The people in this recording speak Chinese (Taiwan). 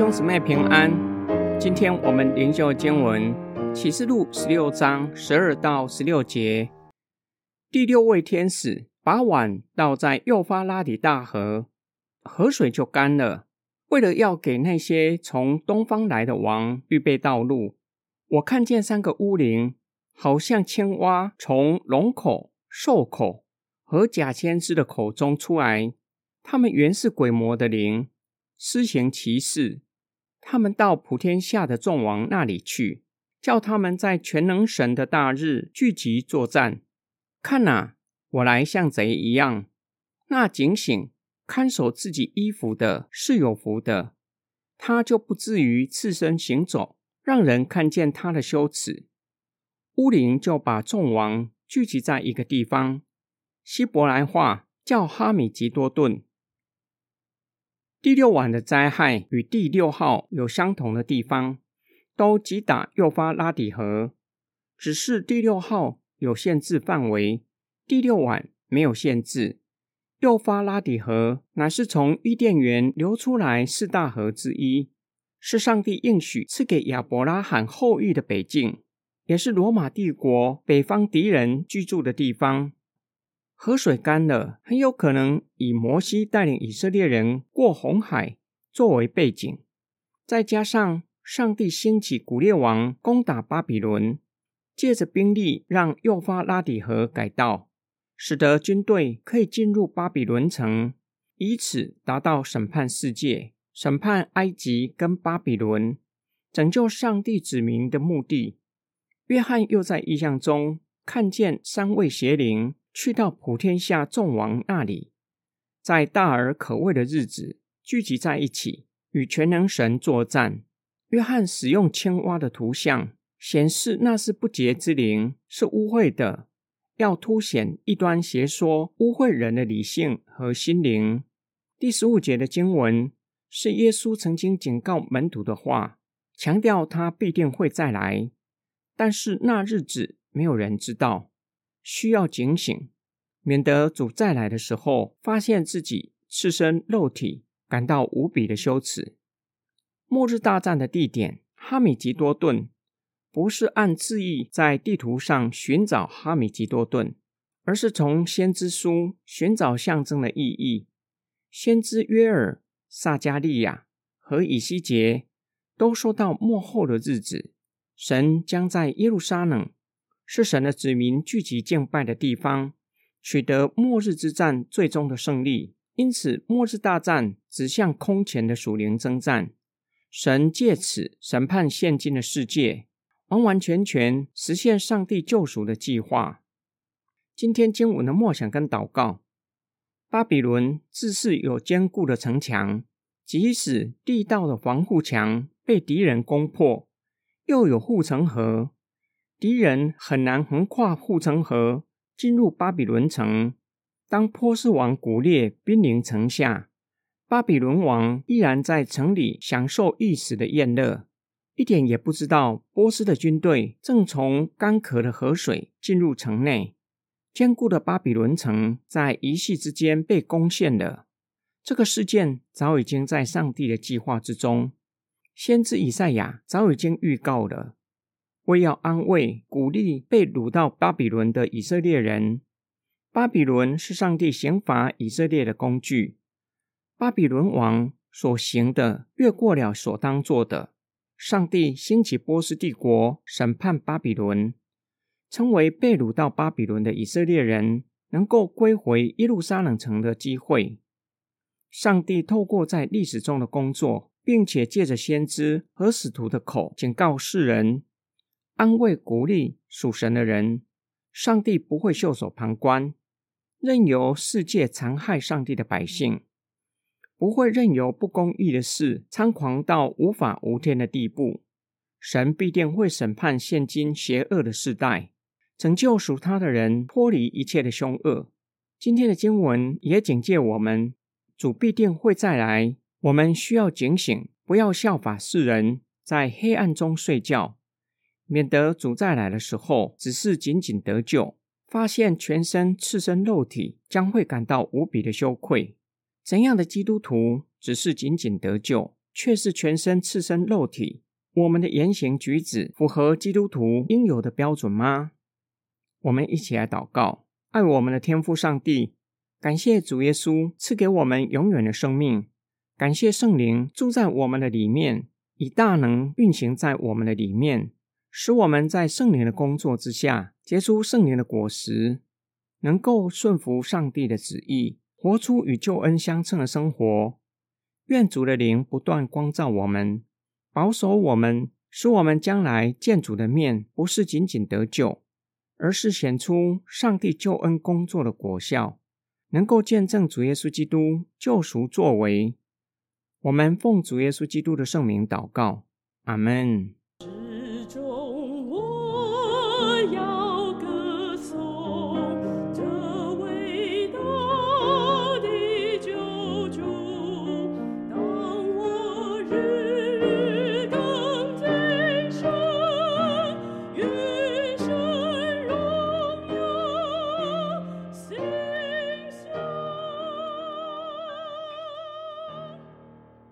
兄姊妹平安，今天我們靈修經文啟示錄十六章十二到十六節。第六位天使把碗倒在幼發拉底大河，河水就乾了。為了要給那些從東方來的王預備道路，我看見三個污靈，好像青蛙從龍口、獸口和假先知的口中出來。他們原是鬼魔的靈，施行奇事。他們到普天下的眾王那裡去，叫他們在全能神的大日聚集作戰。看哪，我來像賊一樣。那警醒看守自己衣服的是有福的，他就不至於赤身行走，讓人看見他的羞恥。污靈就把眾王聚集在一個地方，希伯來話叫哈米吉多頓。第六碗的災害與第六號有相同的地方，都擊打幼發拉底河，只是第六號有限制範圍，第六碗沒有限制。幼發拉底河乃是從伊甸園流出來四大河之一，是上帝應許賜給亞伯拉罕後裔的北境，也是羅馬帝國北方敵人居住的地方。河水乾了，很有可能以摩西帶領以色列人過紅海作為背景，再加上上帝興起古列王攻打巴比倫，借着兵力讓幼發拉底河改道，使得軍隊可以進入巴比倫城，以此達到審判世界、審判埃及跟巴比倫、拯救上帝子民的目的。約翰又在異象中看見三位邪靈。去到普天下眾王那裡，在大而可畏的日子聚集在一起，與全能神作戰。約翰使用青蛙的圖像，顯示那是不潔之靈，是污穢的，要凸顯異端邪說污穢人的理性和心靈。第十五節的經文是耶穌曾經警告門徒的話，強調祂必定會再來，但是那日子沒有人知道。需要警醒，免得主再來的時候，發現自己赤身肉體，感到無比的羞恥。末日大戰的地點哈米吉多頓，不是按字意在地圖上尋找哈米吉多頓，而是從先知書尋找象徵的意義。先知約珥、撒迦利亞和以西結都說到末後的日子，神將在耶路撒冷。是神的子民聚集敬拜的地方，取得末日之戰最終的勝利。因此，末日大戰指向空前的屬靈征戰。神借此審判現今的世界，完完全全實現上帝救贖的計劃。今天經文的默想跟禱告：巴比倫自恃有堅固的城牆，即使第一道的防護牆被敵人攻破，又有護城河。敵人很難橫跨護城河進入巴比倫城。當波斯王古列兵臨城下，巴比倫王依然在城裡享受一時的宴樂，一點也不知道波斯的軍隊正從乾涸的河水進入城內。堅固的巴比倫城在一夕之間被攻陷了。這個事件早已經在上帝的計劃之中，先知以賽亞早已經預告了。為要安慰、鼓勵被擄到巴比倫的以色列人，巴比倫是上帝刑罰以色列的工具。巴比倫王所行的越過了所當做的，上帝興起波斯帝國審判巴比倫，成為被擄到巴比倫的以色列人能夠歸回耶路撒冷城的機會。上帝透過在歷史中的工作，並且借着先知和使徒的口警告世人。安慰鼓勵屬神的人，上帝不會袖手旁觀，任由世界殘害上帝的百姓，不會任由不公義的事猖狂到無法無天的地步。神必定會審判現今邪惡的世代，拯救屬他的人脫離一切的凶惡。今天的經文也警戒我們：主必定會再來，我們需要警醒，不要效法世人，在黑暗中睡覺。免得主再來的時候，只是僅僅得救，發現全身赤身露體，將會感到無比的羞愧。怎樣的基督徒，只是僅僅得救，卻是全身赤身露體？我們的言行舉止符合基督徒應有的標準嗎？我們一起來禱告：愛我們的天父上帝，感謝主耶穌賜給我們永遠的生命，感謝聖靈住在我們的裡面，以大能運行在我們的裡面。使我們在聖靈的工作之下，結出聖靈的果實，能夠順服上帝的旨意，活出與救恩相稱的生活。願主的靈不斷光照我們，保守我們，使我們將來見主的面，不是僅僅得救，而是顯出上帝救恩工作的果效，能夠見證主耶穌基督救贖作為。我們奉主耶穌基督的聖名禱告，阿門。